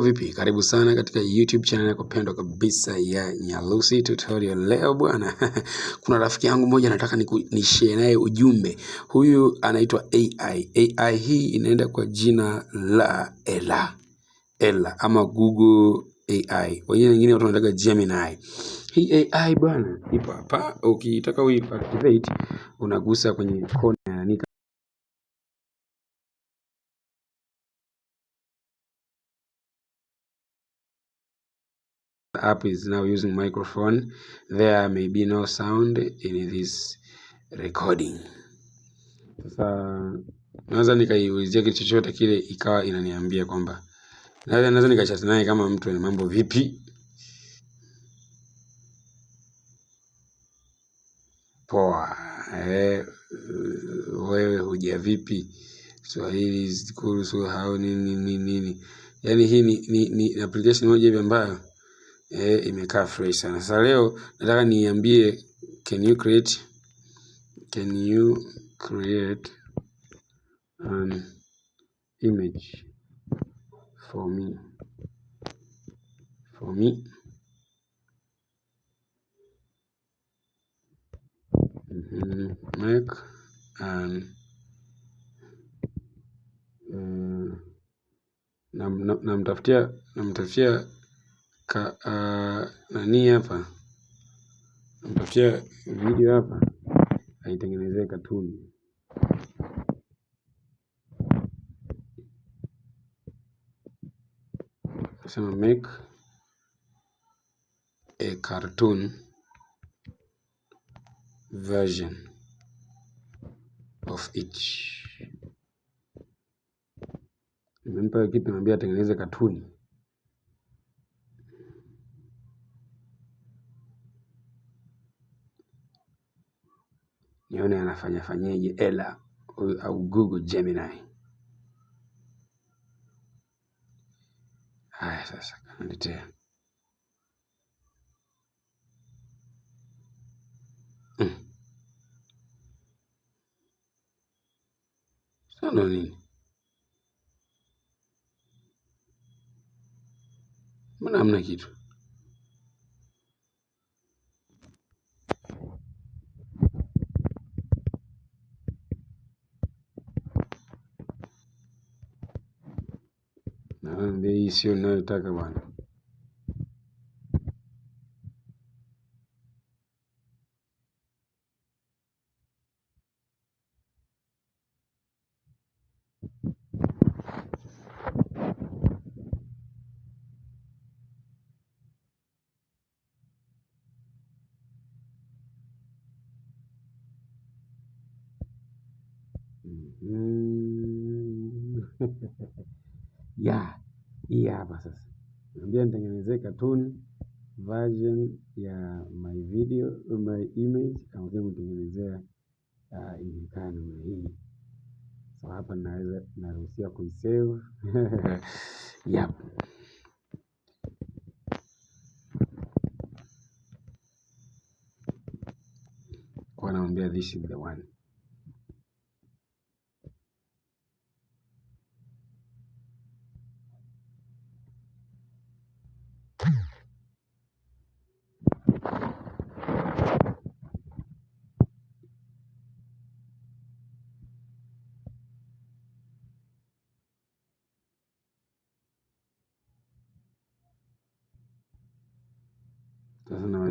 Vipi, karibu sana katika YouTube channel yako pendwa kabisa ya Nyalusi Tutorial. Leo bwana kuna rafiki yangu mmoja nataka share naye ujumbe. Huyu anaitwa AI. AI hii inaenda kwa jina la Ella. Ella ama Google AI. Wengine wengine watu wanataka Gemini. Hii AI bwana ipo hapa. Ukitaka uiactivate unagusa kwenye The app is now using microphone. There may be no sound in this recording. Sasa naweza nikaiulizia kitu chochote kile ikawa inaniambia kwamba naweza naweza nikachat naye kama mtu ana mambo vipi? Poa. Eh, wewe huja vipi? Swahili zikuru so how nini nini nini. Yaani hii ni, ni, ni application moja hivi ambayo eh, imekaa fresh sana. Sasa leo nataka niambie, can you create can you create an image for me for me mm-hmm. make an uh, namtafutia namtafutia nani hapa mpatia video hapa aitengenezee katuni sema make a cartoon version of each. nimempa kitu namwambia atengeneze katuni nione anafanya fanyeje ela au Google Gemini. Haya sasa, kanaletea mm. nini? Mbona hamna kitu? Değişiyor ne takı bana. Mm-hmm. Ya, hii hapa sasa. Naambia nitengenezee cartoon version ya my video, my image, kama kutengenezea ah, ilikana na hii. So hapa naweza naruhusiwa kuisave. Yep. Kwa naambia this is the one.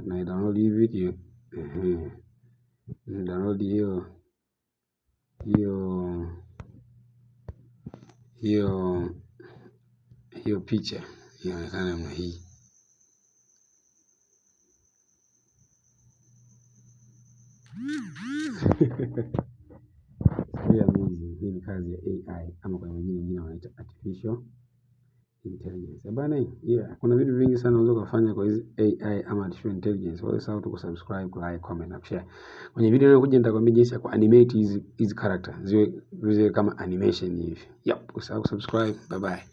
na download hii video ehe, download hiyo hiyo hiyo hiyo picha inaonekana namna hii. Hii ni kazi ya AI ama kwa wengine wengine wanaita artificial intelligence. Bana, yeah, kuna vitu vingi sana unaweza kufanya kwa hizi AI ama artificial intelligence. Wewe sawa tu subscribe, like, comment na share. Kwenye video inayokuja nitakwambia jinsi ya ku animate hizi hizi character ziwe ziwe kama animation hivi. Yep, usahau subscribe. Bye bye.